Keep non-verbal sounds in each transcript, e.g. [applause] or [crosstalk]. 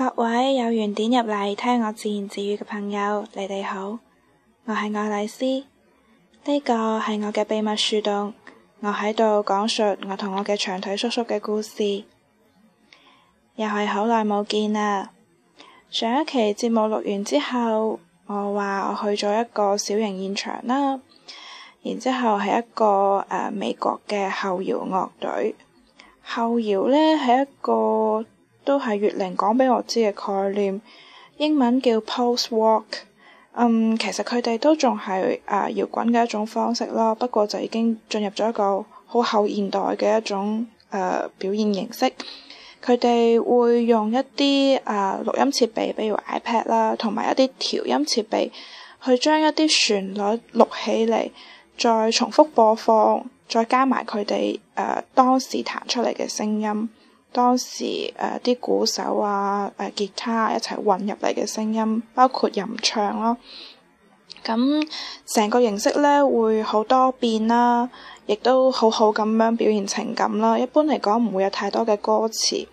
各位有緣點入嚟聽我自言自語嘅朋友，你哋好，我係愛麗絲，呢個係我嘅秘密樹洞，我喺度講述我同我嘅長腿叔叔嘅故事，又係好耐冇見啦。上一期節目錄完之後，我話我去咗一個小型現場啦，然之後係一個誒美國嘅後搖樂隊，後搖呢係一個。呃都係月靈講俾我知嘅概念，英文叫 post-rock。嗯，其實佢哋都仲係誒搖滾嘅一種方式啦，不過就已經進入咗一個好後現代嘅一種誒、呃、表現形式。佢哋會用一啲誒錄音設備，比如 iPad 啦，同埋一啲調音設備，去將一啲旋律錄起嚟，再重複播放，再加埋佢哋誒當時彈出嚟嘅聲音。當時誒啲、呃、鼓手啊、誒、呃、吉他一齊混入嚟嘅聲音，包括吟唱咯。咁、嗯、成個形式咧會好多變啦，亦都好好咁樣表現情感啦。一般嚟講唔會有太多嘅歌詞，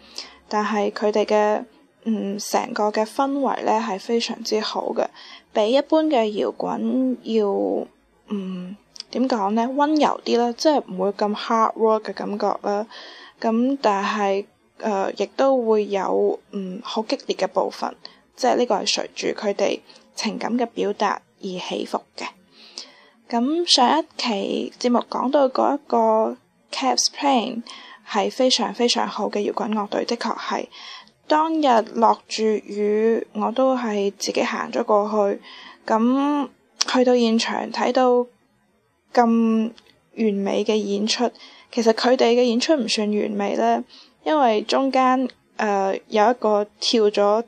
但係佢哋嘅嗯成個嘅氛圍咧係非常之好嘅，比一般嘅搖滾要嗯點講咧温柔啲啦？，即係唔會咁 hard work 嘅感覺啦。咁但係誒，亦、呃、都會有嗯好激烈嘅部分，即係呢個係隨住佢哋情感嘅表達而起伏嘅。咁、嗯、上一期節目講到嗰一個 Caps Plane 係非常非常好嘅搖滾樂隊，的確係當日落住雨，我都係自己行咗過去。咁、嗯、去到現場睇到咁完美嘅演出。其實佢哋嘅演出唔算完美咧，因為中間誒、呃、有一個跳咗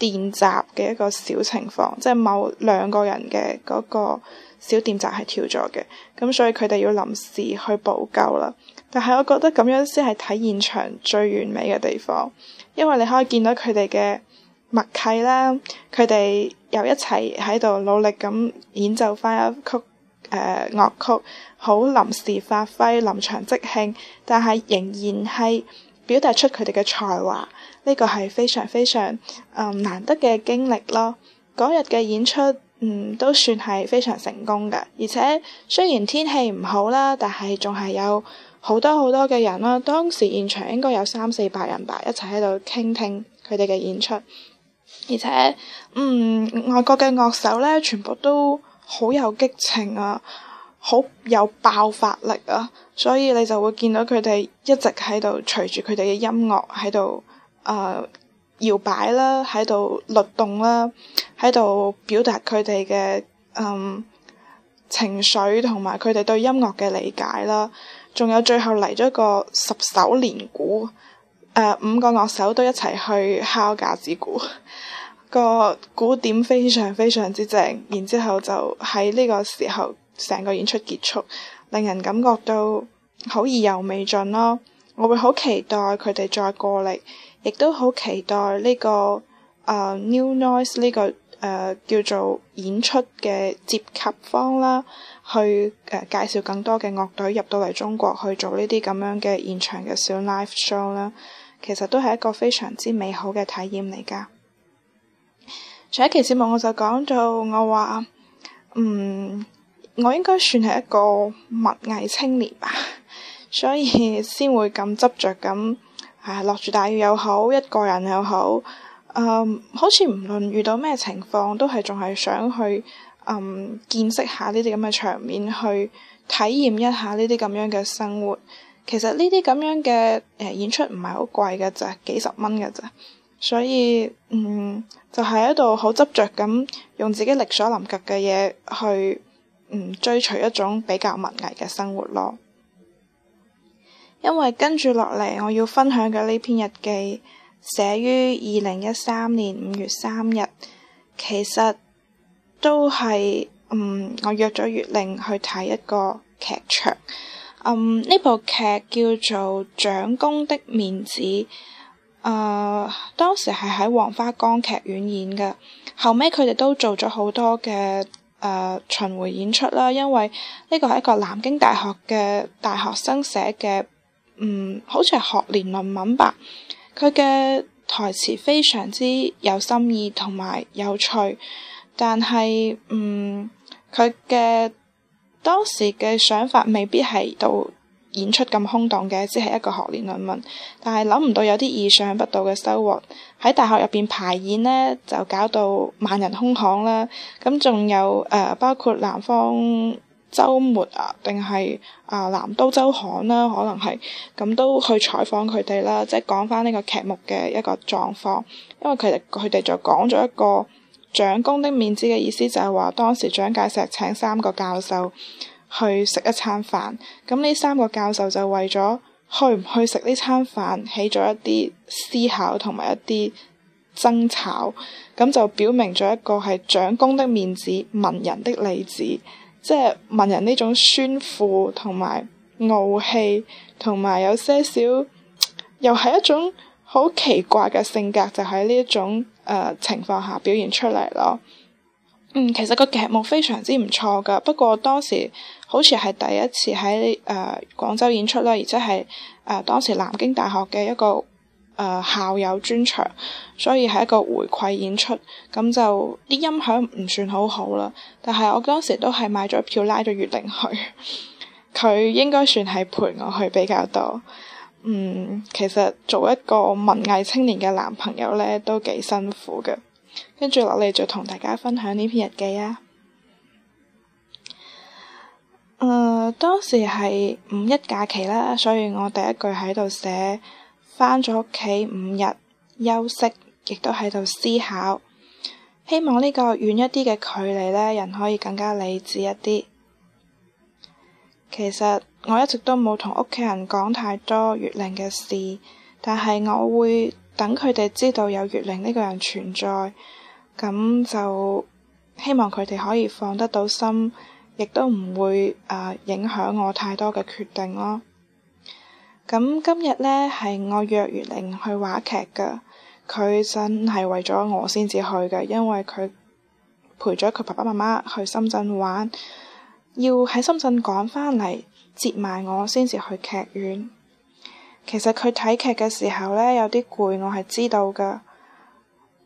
電閘嘅一個小情況，即係某兩個人嘅嗰個小電閘係跳咗嘅，咁所以佢哋要臨時去補救啦。但係我覺得咁樣先係睇現場最完美嘅地方，因為你可以見到佢哋嘅默契啦，佢哋又一齊喺度努力咁演奏返一曲。誒、呃、樂曲好臨時發揮臨場即興，但係仍然係表達出佢哋嘅才華，呢個係非常非常嗯難得嘅經歷咯。嗰日嘅演出嗯都算係非常成功嘅，而且雖然天氣唔好啦，但係仲係有好多好多嘅人啦。當時現場應該有三四百人吧，一齊喺度傾聽佢哋嘅演出，而且嗯外國嘅樂手呢全部都，好有激情啊！好有爆發力啊！所以你就會見到佢哋一直喺度隨住佢哋嘅音樂喺度誒搖擺啦，喺度律動啦，喺度表達佢哋嘅嗯情緒同埋佢哋對音樂嘅理解啦。仲有最後嚟咗個十首連鼓，誒、呃、五個樂手都一齊去敲架子鼓。個古典非常非常之正，然之後就喺呢個時候，成個演出結束，令人感覺到好意猶未盡咯。我會好期待佢哋再過嚟，亦都好期待呢、這個啊、uh, New Noise 呢、這個誒、uh, 叫做演出嘅接洽方啦，去誒、uh, 介紹更多嘅樂隊入到嚟中國去做呢啲咁樣嘅現場嘅小 live show 啦。其實都係一個非常之美好嘅體驗嚟㗎。上一期節目我就講到，我話，嗯，我應該算係一個文藝青年吧， [laughs] 所以先會咁執着，咁，啊落住大雨又好，一個人又好，嗯，好似唔論遇到咩情況，都係仲係想去，嗯，見識下呢啲咁嘅場面，去體驗一下呢啲咁樣嘅生活。其實呢啲咁樣嘅誒演出唔係好貴㗎咋，幾十蚊㗎咋。所以，嗯，就喺、是、一度好執着咁，用自己力所能及嘅嘢去，嗯，追隨一種比較文藝嘅生活咯。因為跟住落嚟，我要分享嘅呢篇日記，寫於二零一三年五月三日，其實都係，嗯，我約咗月令去睇一個劇場。嗯，呢部劇叫做《蔣公的面子》。誒、uh, 當時係喺黃花崗劇院演嘅，後尾佢哋都做咗好多嘅誒、uh, 巡迴演出啦。因為呢個係一個南京大學嘅大學生寫嘅，嗯，好似係學年論文吧。佢嘅台詞非常之有心意同埋有趣，但係，嗯、佢嘅當時嘅想法未必係到。演出咁空洞嘅，只係一個學年論文，但係諗唔到有啲意想不到嘅收穫喺大學入邊排演呢，就搞到萬人空巷啦。咁、嗯、仲有誒、呃，包括南方周末啊，定係啊南都周刊啦、啊，可能係咁、嗯、都去採訪佢哋啦，即係講翻呢個劇目嘅一個狀況，因為佢哋佢哋就講咗一個蔣公的面子嘅意思，就係、是、話當時蔣介石請三個教授。去食一餐飯，咁呢三個教授就為咗去唔去食呢餐飯，起咗一啲思考同埋一啲爭吵，咁就表明咗一個係長公的面子，文人的例子，即係文人呢種酸腐同埋傲氣，同埋有些少又係一種好奇怪嘅性格就，就喺呢一種誒情況下表現出嚟咯。嗯，其實個劇目非常之唔錯㗎，不過當時，好似係第一次喺誒、呃、廣州演出啦，而且係誒、呃、當時南京大學嘅一個誒、呃、校友專場，所以係一個回饋演出，咁就啲音響唔算好好啦。但係我當時都係買咗票拉咗月玲去，佢 [laughs] 應該算係陪我去比較多。嗯，其實做一個文藝青年嘅男朋友咧都幾辛苦嘅。跟住落嚟就同大家分享呢篇日記啊！誒、嗯、當時係五一假期啦，所以我第一句喺度寫返咗屋企五日休息，亦都喺度思考，希望呢個遠一啲嘅距離呢，人可以更加理智一啲。其實我一直都冇同屋企人講太多月玲嘅事，但係我會等佢哋知道有月玲呢個人存在，咁就希望佢哋可以放得到心。亦都唔會誒、呃、影響我太多嘅決定咯。咁今日呢，係我約袁玲去話劇嘅，佢真係為咗我先至去嘅，因為佢陪咗佢爸爸媽媽去深圳玩，要喺深圳趕返嚟接埋我先至去劇院。其實佢睇劇嘅時候呢，有啲攰，我係知道嘅，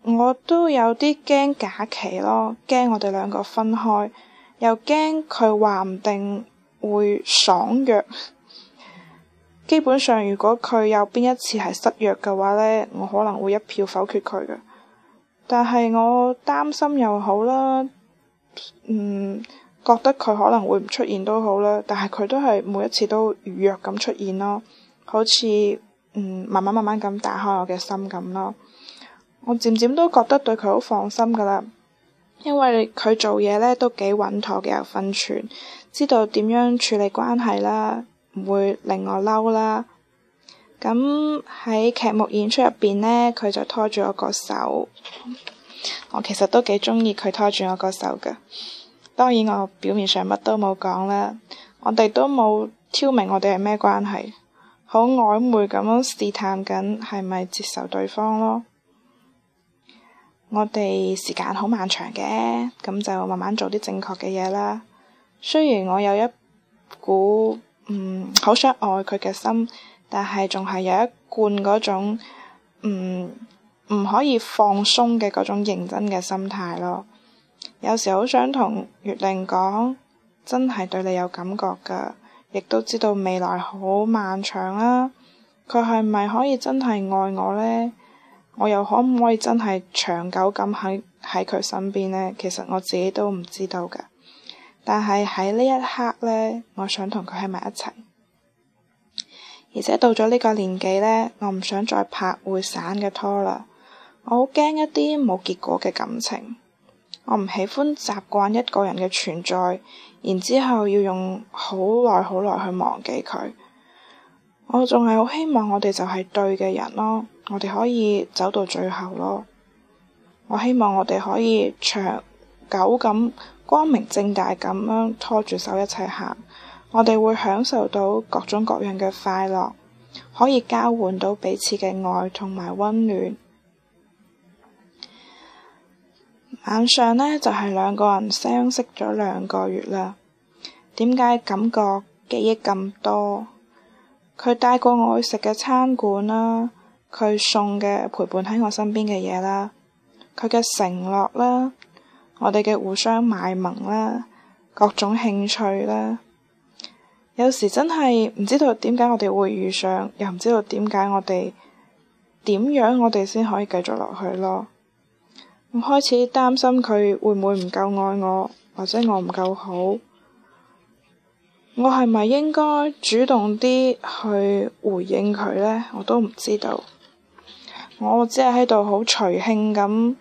我都有啲驚假期咯，驚我哋兩個分開。又驚佢話唔定會爽約。基本上，如果佢有邊一次係失約嘅話呢，我可能會一票否決佢嘅。但係我擔心又好啦，嗯，覺得佢可能會唔出現都好啦。但係佢都係每一次都如約咁出現咯，好似嗯慢慢慢慢咁打開我嘅心咁咯。我漸漸都覺得對佢好放心㗎啦。因為佢做嘢咧都幾穩妥嘅，有分寸，知道點樣處理關係啦，唔會令我嬲啦。咁喺劇目演出入邊咧，佢就拖住我個手，我其實都幾鍾意佢拖住我個手噶。當然我表面上乜都冇講啦，我哋都冇挑明我哋係咩關係，好曖昧咁樣試探緊係咪接受對方咯。我哋時間好漫長嘅，咁就慢慢做啲正確嘅嘢啦。雖然我有一股嗯好想愛佢嘅心，但係仲係有一貫嗰種嗯、唔可以放鬆嘅嗰種認真嘅心態咯。有時好想同月玲講，真係對你有感覺㗎，亦都知道未來好漫長啦。佢係咪可以真係愛我咧？我又可唔可以真係長久咁喺喺佢身邊呢？其實我自己都唔知道㗎。但係喺呢一刻呢，我想同佢喺埋一齊。而且到咗呢個年紀呢，我唔想再拍會散嘅拖啦。我好驚一啲冇結果嘅感情。我唔喜歡習慣一個人嘅存在，然之後要用好耐好耐去忘記佢。我仲係好希望我哋就係對嘅人咯。我哋可以走到最後咯。我希望我哋可以長久咁光明正大咁樣拖住手一齊行。我哋會享受到各種各樣嘅快樂，可以交換到彼此嘅愛同埋溫暖。晚上呢，就係兩個人相識咗兩個月啦。點解感覺記憶咁多？佢帶過我去食嘅餐館啦。佢送嘅陪伴喺我身邊嘅嘢啦，佢嘅承諾啦，我哋嘅互相賣萌啦，各種興趣啦，有時真係唔知道點解我哋會遇上，又唔知道點解我哋點樣我哋先可以繼續落去咯。我開始擔心佢會唔會唔夠愛我，或者我唔夠好，我係咪應該主動啲去回應佢咧？我都唔知道。我只係喺度好隨興咁，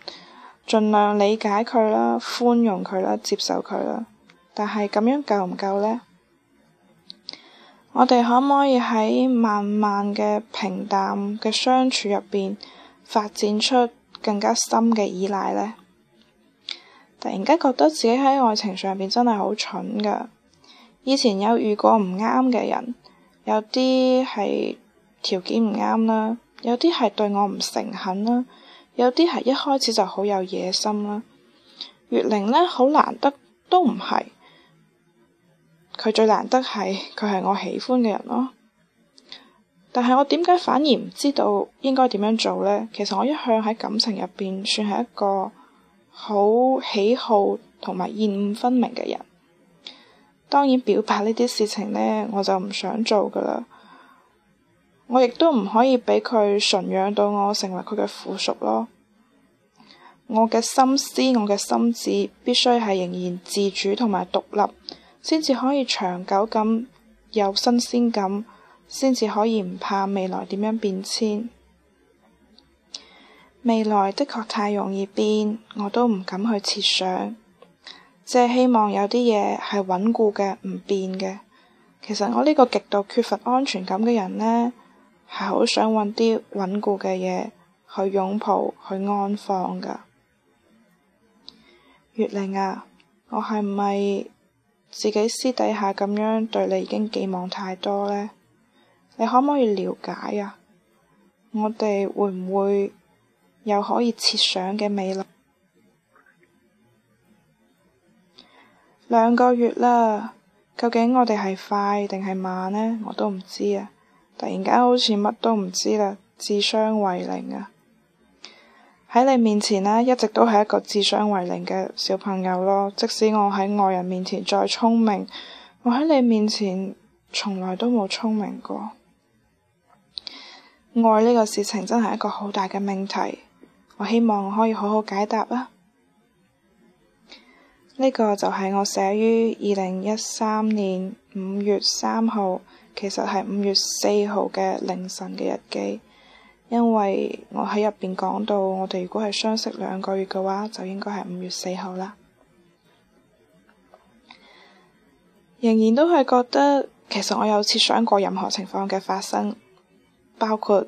盡量理解佢啦，寬容佢啦，接受佢啦。但係咁樣夠唔夠呢？我哋可唔可以喺慢慢嘅平淡嘅相處入邊，發展出更加深嘅依賴呢？突然間覺得自己喺愛情上邊真係好蠢㗎。以前有遇過唔啱嘅人，有啲係條件唔啱啦。有啲係對我唔誠懇啦，有啲係一開始就好有野心啦。月玲咧好難得都唔係，佢最難得係佢係我喜歡嘅人咯。但係我點解反而唔知道應該點樣做咧？其實我一向喺感情入邊算係一個好喜好同埋厭惡分明嘅人。當然表白呢啲事情咧，我就唔想做㗎喇。我亦都唔可以畀佢純養到我成為佢嘅附屬咯。我嘅心思、我嘅心智必須係仍然自主同埋獨立，先至可以長久咁有新鮮感，先至可以唔怕未來點樣變遷。未來的確太容易變，我都唔敢去設想。只係希望有啲嘢係穩固嘅、唔變嘅。其實我呢個極度缺乏安全感嘅人呢。係好想搵啲穩固嘅嘢去擁抱，去安放㗎。月玲啊，我係咪自己私底下咁樣對你已經寄望太多呢？你可唔可以了解啊？我哋會唔會有可以設想嘅未來？兩個月啦，究竟我哋係快定係慢呢？我都唔知啊。突然間好似乜都唔知啦，智商為零啊！喺你面前呢，一直都係一個智商為零嘅小朋友咯。即使我喺外人面前再聰明，我喺你面前從來都冇聰明過。愛呢個事情真係一個好大嘅命題，我希望我可以好好解答啊！呢個就係我寫於二零一三年五月三號。其實係五月四號嘅凌晨嘅日記，因為我喺入邊講到，我哋如果係相識兩個月嘅話，就應該係五月四號啦。仍然都係覺得，其實我有設想過任何情況嘅發生，包括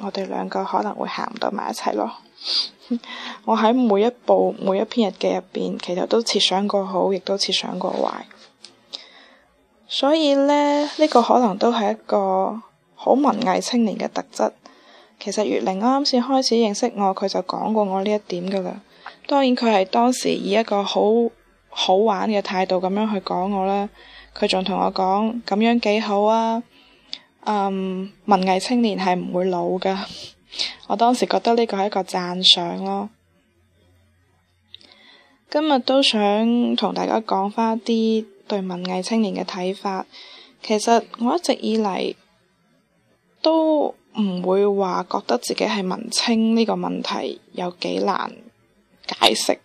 我哋兩個可能會行唔到埋一齊咯。 [laughs] 我喺每一步、每一篇日記入邊，其實都設想過好，亦都設想過壞。所以呢，呢個可能都係一個好文藝青年嘅特質。其實，月玲啱啱先開始認識我，佢就講過我呢一點噶啦。當然，佢係當時以一個好好玩嘅態度咁樣去講我啦。佢仲同我講咁樣幾好啊，嗯，文藝青年係唔會老噶。 [laughs] 我當時覺得呢個係一個讚賞咯。今日都想同大家講翻啲對文藝青年嘅睇法，其實我一直以嚟，都唔會話覺得自己係文青呢個問題有幾難解釋。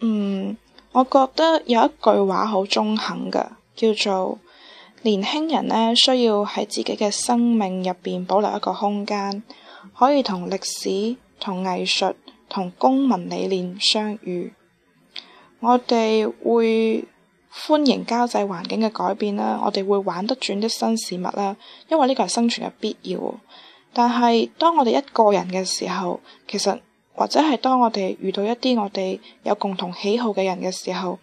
嗯，我覺得有一句話好中肯㗎，叫做年輕人呢，需要喺自己嘅生命入邊保留一個空間，可以同歷史、同藝術、同公民理念相遇。我哋會。歡迎交際環境嘅改變啦，我哋會玩得轉的新事物啦，因為呢個係生存嘅必要。但係當我哋一個人嘅時候，其實或者係當我哋遇到一啲我哋有共同喜好嘅人嘅時候，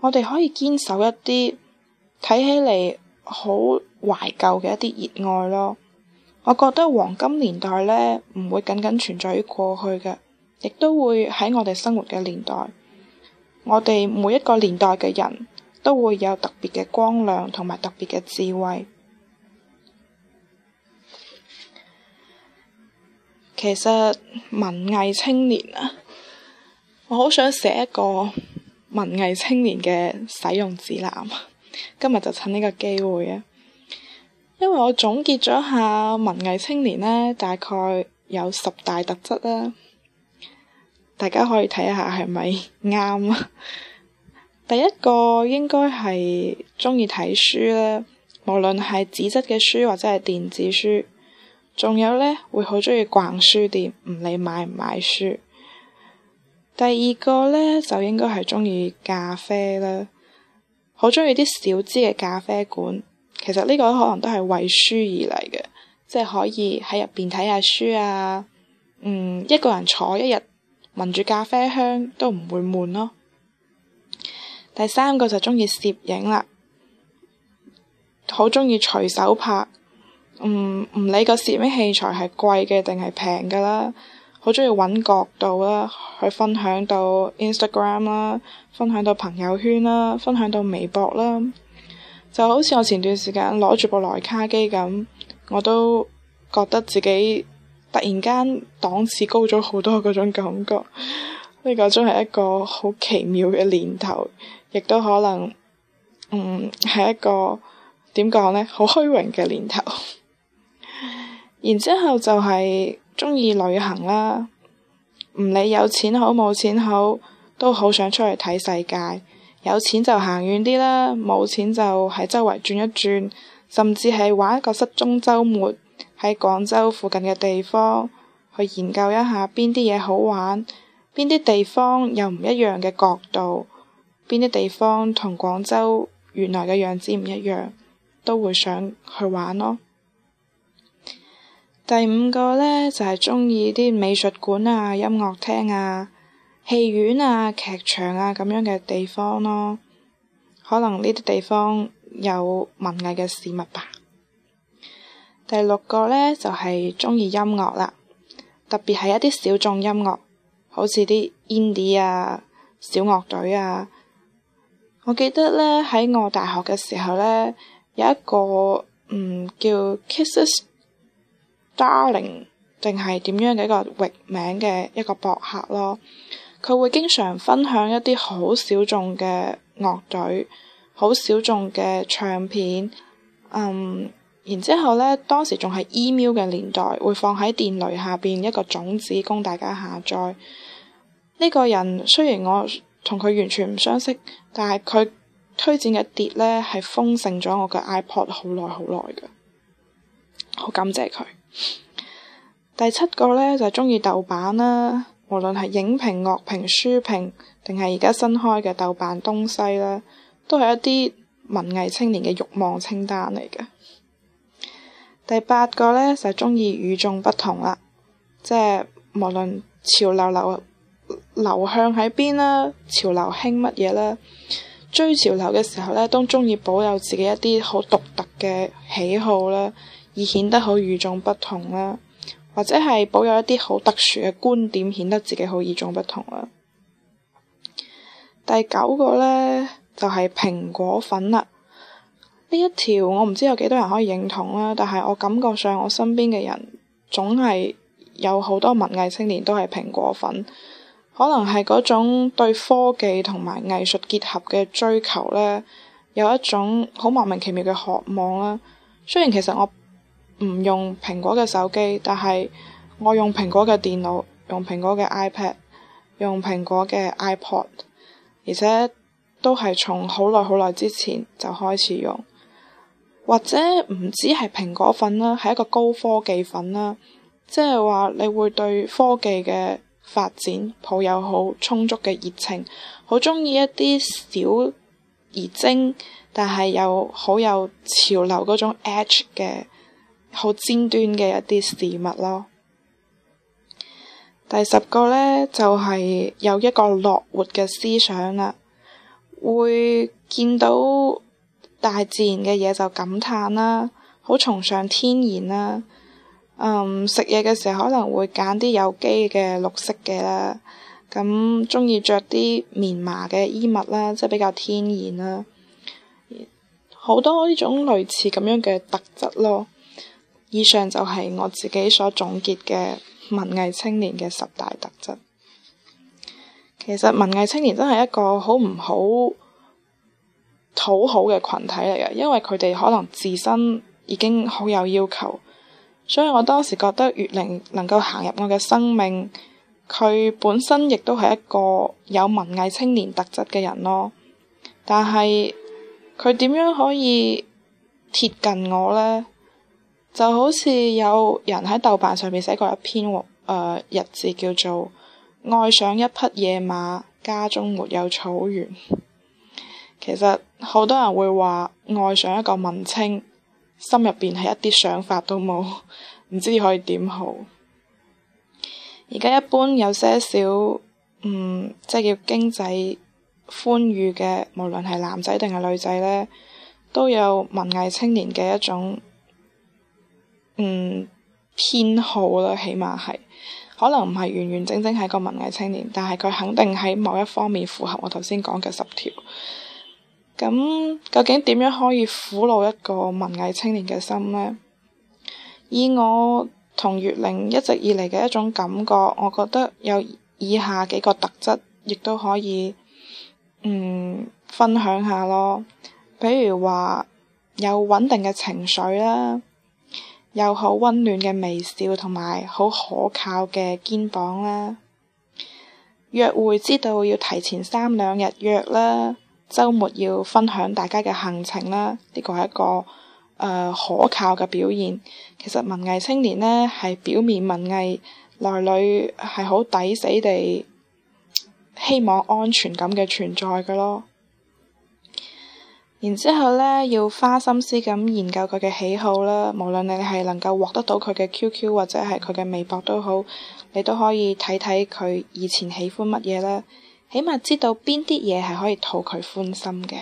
我哋可以堅守一啲睇起嚟好懷舊嘅一啲熱愛咯。我覺得黃金年代呢唔會僅僅存在於過去嘅，亦都會喺我哋生活嘅年代。我哋每一個年代嘅人。都會有特別嘅光亮同埋特別嘅智慧。其實文藝青年啊，我好想寫一個文藝青年嘅使用指南。今日就趁呢個機會啊，因為我總結咗下文藝青年呢，大概有十大特質啦，大家可以睇下係咪啱？第一個應該係鍾意睇書啦，無論係紙質嘅書或者係電子書，仲有咧會好鍾意逛書店，唔理買唔買書。第二個咧就應該係鍾意咖啡啦，好鍾意啲小資嘅咖啡館。其實呢個可能都係為書而嚟嘅，即係可以喺入邊睇下書啊，嗯，一個人坐一日聞住咖啡香都唔會悶咯。第三個就鍾意攝影啦，好鍾意隨手拍，唔唔理個攝影器材係貴嘅定係平㗎啦，好鍾意揾角度啦，去分享到 Instagram 啦，分享到朋友圈啦，分享到微博啦，就好似我前段時間攞住部萊卡機咁，我都覺得自己突然間檔次高咗好多嗰種感覺，呢 [laughs] 個真係一個好奇妙嘅年頭。亦都可能，嗯，係一個點講呢？好虛榮嘅年頭。 [laughs] 然之後就係中意旅行啦，唔理有錢好冇錢好，都好想出去睇世界。有錢就行遠啲啦，冇錢就喺周圍轉一轉，甚至係玩一個失蹤週末，喺廣州附近嘅地方去研究一下邊啲嘢好玩，邊啲地方有唔一樣嘅角度。邊啲地方同廣州原來嘅樣子唔一樣，都會想去玩咯。第五個呢，就係鍾意啲美術館啊、音樂廳啊、戲院啊、劇場啊咁樣嘅地方咯。可能呢啲地方有文藝嘅事物吧。第六個呢，就係鍾意音樂啦、啊，特別係一啲小眾音樂，好似啲 indie 啊、小樂隊啊。我記得咧，喺我大學嘅時候咧，有一個嗯叫 Kisses Darling 定係點樣嘅一個域名嘅一個博客咯。佢會經常分享一啲好小眾嘅樂隊、好小眾嘅唱片。嗯，然之後咧，當時仲係 email 嘅年代，會放喺電雷下邊一個種子供大家下載。呢個人雖然我。同佢完全唔相識，但係佢推薦嘅碟呢，係豐盛咗我嘅 iPod 好耐好耐嘅，好感謝佢。第七個呢就係鍾意豆瓣啦，無論係影評、樂評、書評，定係而家新開嘅豆瓣東西啦，都係一啲文藝青年嘅慾望清單嚟嘅。第八個呢就係、是、鍾意與眾不同啦，即係無論潮流流。流向喺邊啦？潮流興乜嘢啦？追潮流嘅時候呢，都鍾意保有自己一啲好獨特嘅喜好啦，以顯得好與眾不同啦。或者係保有一啲好特殊嘅觀點，顯得自己好與眾不同啦。第九個呢，就係、是、蘋果粉啦。呢一條我唔知有幾多人可以認同啦，但係我感覺上我身邊嘅人總係有好多文藝青年都係蘋果粉。可能係嗰種對科技同埋藝術結合嘅追求呢，有一種好莫名其妙嘅渴望啦。雖然其實我唔用蘋果嘅手機，但係我用蘋果嘅電腦，用蘋果嘅 iPad，用蘋果嘅 iPod，而且都係從好耐好耐之前就開始用。或者唔止係蘋果粉啦，係一個高科技粉啦，即係話你會對科技嘅發展抱有好充足嘅熱情，好鍾意一啲小而精，但係又好有潮流嗰種 edge 嘅好尖端嘅一啲事物咯。第十個呢，就係、是、有一個樂活嘅思想啦，會見到大自然嘅嘢就感嘆啦，好崇尚天然啦。嗯，食嘢嘅時候可能會揀啲有機嘅、綠色嘅啦，咁鍾意着啲棉麻嘅衣物啦，即係比較天然啦，好多呢種類似咁樣嘅特質咯。以上就係我自己所總結嘅文藝青年嘅十大特質。其實文藝青年真係一個好唔好討好嘅群體嚟嘅，因為佢哋可能自身已經好有要求。所以我當時覺得，月玲能夠行入我嘅生命，佢本身亦都係一個有文藝青年特質嘅人咯。但係佢點樣可以貼近我呢？就好似有人喺豆瓣上面寫過一篇、呃、日誌，叫做《愛上一匹野馬，家中沒有草原》。其實好多人會話愛上一個文青。心入邊係一啲想法都冇，唔知可以點好。而家一般有些少嗯，即係叫經濟寬裕嘅，無論係男仔定係女仔咧，都有文藝青年嘅一種嗯偏好啦。起碼係可能唔係完完整整係個文藝青年，但係佢肯定喺某一方面符合我頭先講嘅十條。咁究竟點樣可以俘虜一個文藝青年嘅心呢？以我同月玲一直以嚟嘅一種感覺，我覺得有以下幾個特質，亦都可以嗯分享下咯。比如話有穩定嘅情緒啦，有好溫暖嘅微笑同埋好可靠嘅肩膀啦。約會知道要提前三兩日約啦。周末要分享大家嘅行程啦，呢個係一個誒、呃、可靠嘅表現。其實文藝青年呢，係表面文藝，內裏係好抵死地希望安全感嘅存在嘅咯。然之後咧要花心思咁研究佢嘅喜好啦，無論你係能夠獲得到佢嘅 Q Q 或者係佢嘅微博都好，你都可以睇睇佢以前喜歡乜嘢啦。起碼知道邊啲嘢係可以討佢歡心嘅。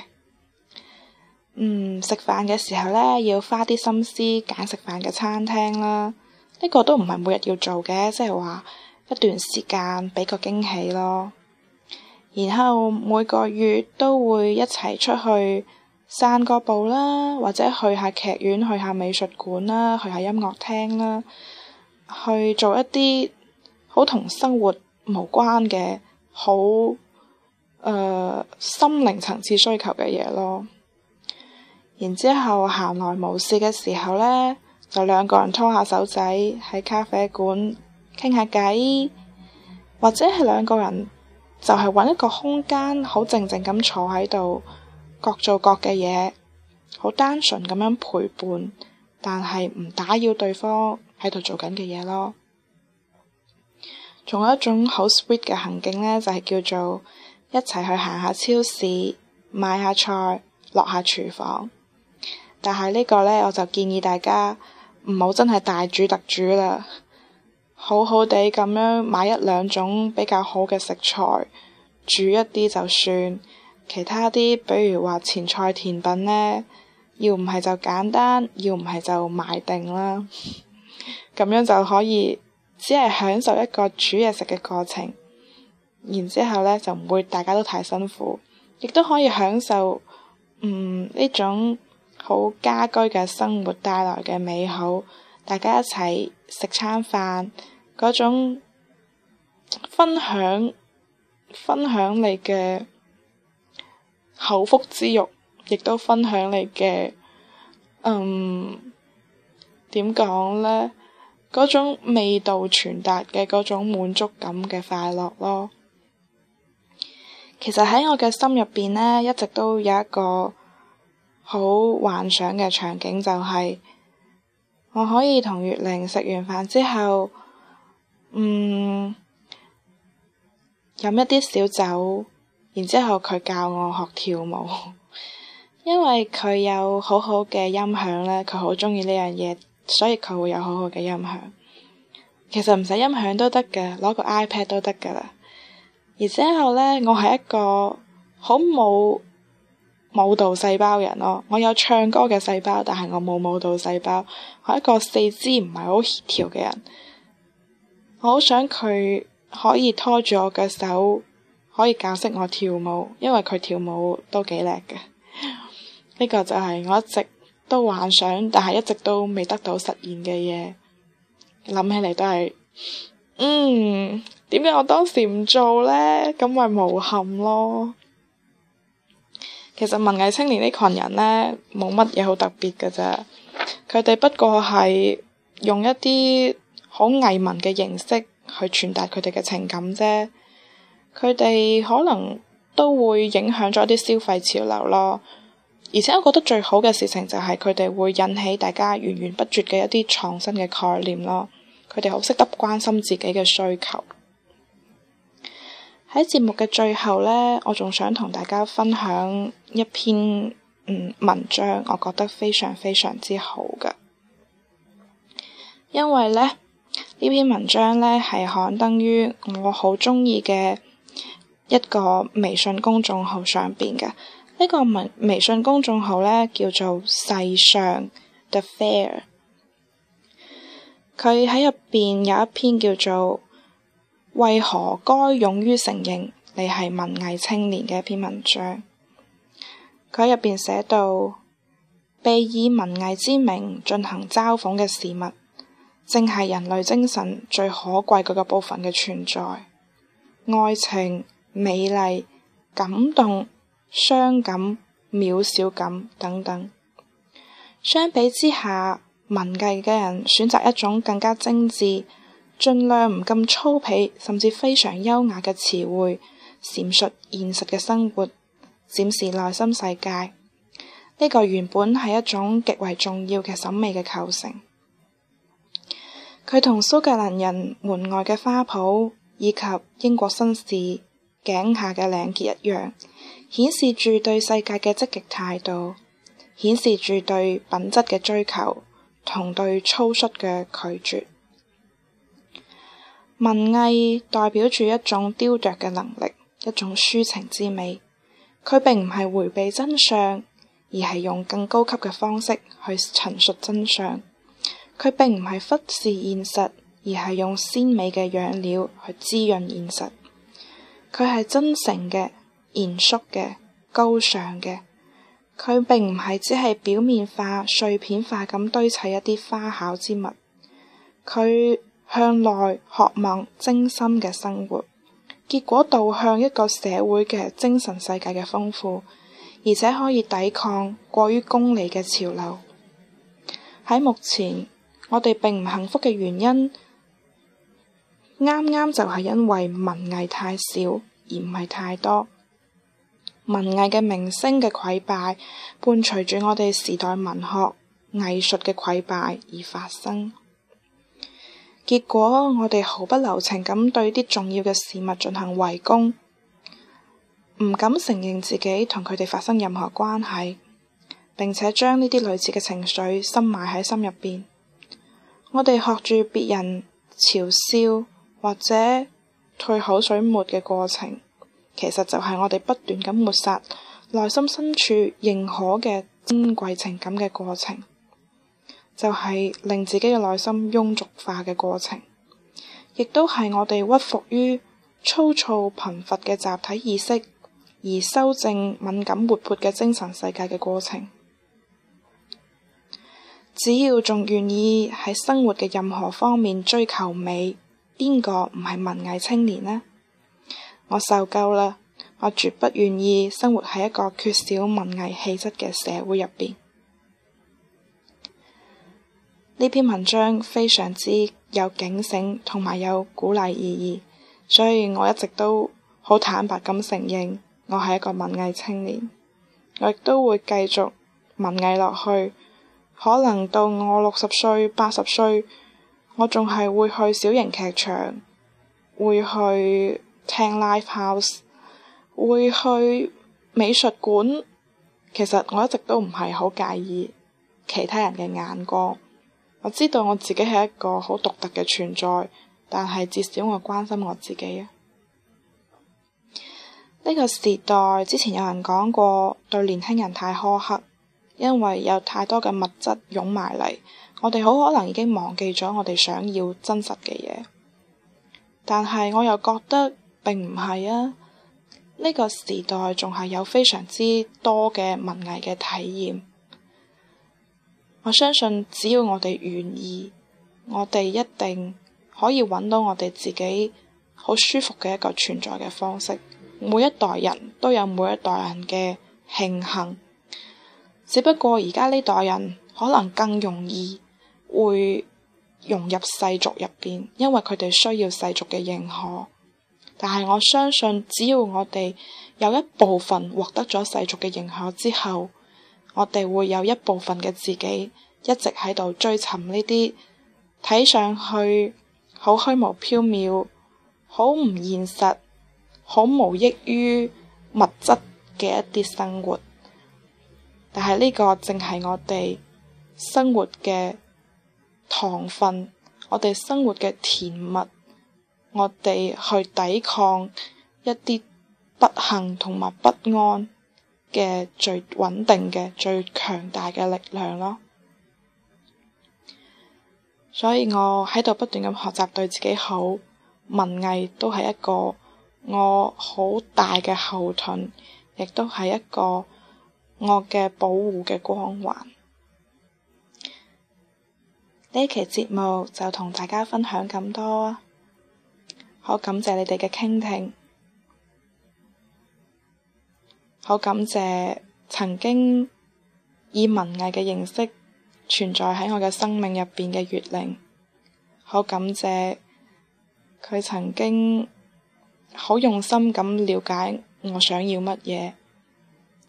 嗯，食飯嘅時候咧，要花啲心思揀食飯嘅餐廳啦。呢個都唔係每日要做嘅，即係話一段時間俾個驚喜咯。然後每個月都會一齊出去散個步啦，或者去下劇院，去下美術館啦，去下音樂廳啦，去做一啲好同生活無關嘅好。誒、呃、心靈層次需求嘅嘢咯。然之後閒來無事嘅時候呢，就兩個人拖下手仔喺咖啡館傾下偈，或者係兩個人就係揾一個空間，好靜靜咁坐喺度，各做各嘅嘢，好單純咁樣陪伴，但係唔打擾對方喺度做緊嘅嘢咯。仲有一種好 sweet 嘅行徑呢，就係、是、叫做～一齊去行下超市，買下菜，落下，下廚房。但係呢個呢，我就建議大家唔好真係大煮特煮啦，好好地咁樣買一兩種比較好嘅食材，煮一啲就算。其他啲，比如話前菜、甜品呢，要唔係就簡單，要唔係就買定啦。咁 [laughs] 樣就可以只係享受一個煮嘢食嘅過程。然之後咧，就唔會大家都太辛苦，亦都可以享受，嗯，呢種好家居嘅生活帶來嘅美好。大家一齊食餐飯，嗰種分享，分享你嘅口腹之慾，亦都分享你嘅，嗯，點講咧，嗰種味道傳達嘅嗰種滿足感嘅快樂咯。其實喺我嘅心入邊呢，一直都有一個好幻想嘅場景，就係我可以同月玲食完飯之後，嗯，飲一啲小酒，然之後佢教我學跳舞， [laughs] 因為佢有好好嘅音響咧，佢好鍾意呢樣嘢，所以佢會有好好嘅音響。其實唔使音響都得嘅，攞個 iPad 都得㗎啦。而之後咧，我係一個好冇舞蹈細胞嘅人咯。我有唱歌嘅細胞，但係我冇舞蹈細胞。我係一個四肢唔係好協調嘅人。我好想佢可以拖住我嘅手，可以教識我跳舞，因為佢跳舞都幾叻嘅。呢個就係我一直都幻想，但係一直都未得到實現嘅嘢。諗起嚟都係，嗯。點解我當時唔做咧？咁咪無憾咯。其實文藝青年呢群人咧，冇乜嘢好特別嘅啫。佢哋不過係用一啲好藝文嘅形式去傳達佢哋嘅情感啫。佢哋可能都會影響咗啲消費潮流咯。而且我覺得最好嘅事情就係佢哋會引起大家源源不絕嘅一啲創新嘅概念咯。佢哋好識得關心自己嘅需求。喺節目嘅最後呢，我仲想同大家分享一篇嗯文章，我覺得非常非常之好嘅，因為呢呢篇文章呢，係刊登於我好鍾意嘅一個微信公眾號上邊嘅。呢個微信公眾號呢，叫做世上 The Fair，佢喺入邊有一篇叫做。為何該勇於承認你係文藝青年嘅一篇文章？佢入邊寫到：被以文藝之名進行嘲諷嘅事物，正係人類精神最可貴嗰個部分嘅存在。愛情、美麗、感動、傷感、渺小感等等，相比之下，文藝嘅人選擇一種更加精緻。盡量唔咁粗鄙，甚至非常優雅嘅詞彙，闡述現實嘅生活，展示內心世界。呢、這個原本係一種極為重要嘅審美嘅構成。佢同蘇格蘭人門外嘅花圃，以及英國紳士頸下嘅領結一樣，顯示住對世界嘅積極態度，顯示住對品質嘅追求，同對粗率嘅拒絕。文藝代表住一種雕琢嘅能力，一種抒情之美。佢並唔係回避真相，而係用更高級嘅方式去陳述真相。佢並唔係忽視現實，而係用鮮美嘅養料去滋潤現實。佢係真誠嘅、嚴肅嘅、高尚嘅。佢並唔係只係表面化、碎片化咁堆砌一啲花巧之物。佢。向內渴望精深嘅生活，結果導向一個社會嘅精神世界嘅豐富，而且可以抵抗過於功利嘅潮流。喺目前，我哋並唔幸福嘅原因，啱啱就係因為文藝太少而唔係太多。文藝嘅明星嘅潰敗，伴隨住我哋時代文學藝術嘅潰敗而發生。結果，我哋毫不留情咁對啲重要嘅事物進行圍攻，唔敢承認自己同佢哋發生任何關係，並且將呢啲類似嘅情緒深埋喺心入邊。我哋學住別人嘲笑或者退口水沫嘅過程，其實就係我哋不斷咁抹殺內心深處認可嘅尊貴情感嘅過程。就係令自己嘅內心庸俗化嘅過程，亦都係我哋屈服於粗糙貧乏嘅集體意識，而修正敏感活潑嘅精神世界嘅過程。只要仲願意喺生活嘅任何方面追求美，邊個唔係文藝青年呢？我受夠啦！我絕不願意生活喺一個缺少文藝氣質嘅社會入邊。呢篇文章非常之有警醒同埋有鼓勵意義，所以我一直都好坦白咁承認，我係一個文藝青年。我亦都會繼續文藝落去，可能到我六十歲、八十歲，我仲係會去小型劇場，會去聽 live house，會去美術館。其實我一直都唔係好介意其他人嘅眼光。我知道我自己係一個好獨特嘅存在，但係至少我關心我自己啊！呢個時代之前有人講過，對年輕人太苛刻，因為有太多嘅物質湧埋嚟，我哋好可能已經忘記咗我哋想要真實嘅嘢。但係我又覺得並唔係啊！呢個時代仲係有非常之多嘅文藝嘅體驗。我相信只要我哋願意，我哋一定可以揾到我哋自己好舒服嘅一個存在嘅方式。每一代人都有每一代人嘅慶幸，只不過而家呢代人可能更容易會融入世俗入邊，因為佢哋需要世俗嘅認可。但係我相信，只要我哋有一部分獲得咗世俗嘅認可之後，我哋會有一部分嘅自己一直喺度追尋呢啲睇上去好虛無縹緲、好唔現實、好無益於物質嘅一啲生活，但係呢個正係我哋生活嘅糖分，我哋生活嘅甜蜜，我哋去抵抗一啲不幸同埋不安嘅最穩定嘅、最強大嘅力量囉，所以我喺度不斷咁學習，對自己好。文藝都係一個我好大嘅後盾，亦都係一個我嘅保護嘅光環。呢期節目就同大家分享咁多啊，好感謝你哋嘅傾聽。好感謝曾經以文藝嘅形式存在喺我嘅生命入邊嘅月玲，好感謝佢曾經好用心咁了解我想要乜嘢，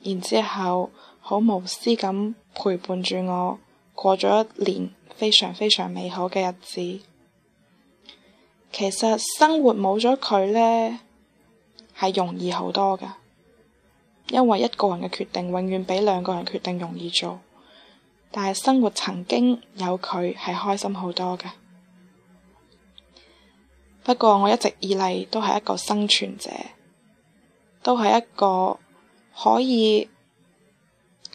然之後好無私咁陪伴住我過咗一年非常非常美好嘅日子。其實生活冇咗佢呢，係容易好多㗎。因為一個人嘅決定永遠比兩個人決定容易做，但係生活曾經有佢係開心好多嘅。不過我一直以嚟都係一個生存者，都係一個可以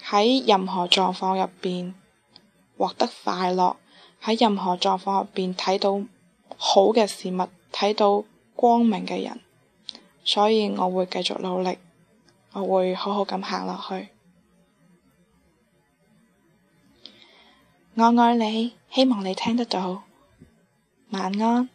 喺任何狀況入邊獲得快樂，喺任何狀況入邊睇到好嘅事物，睇到光明嘅人，所以我會繼續努力。我會好好咁行落去，我愛你，希望你聽得到，晚安。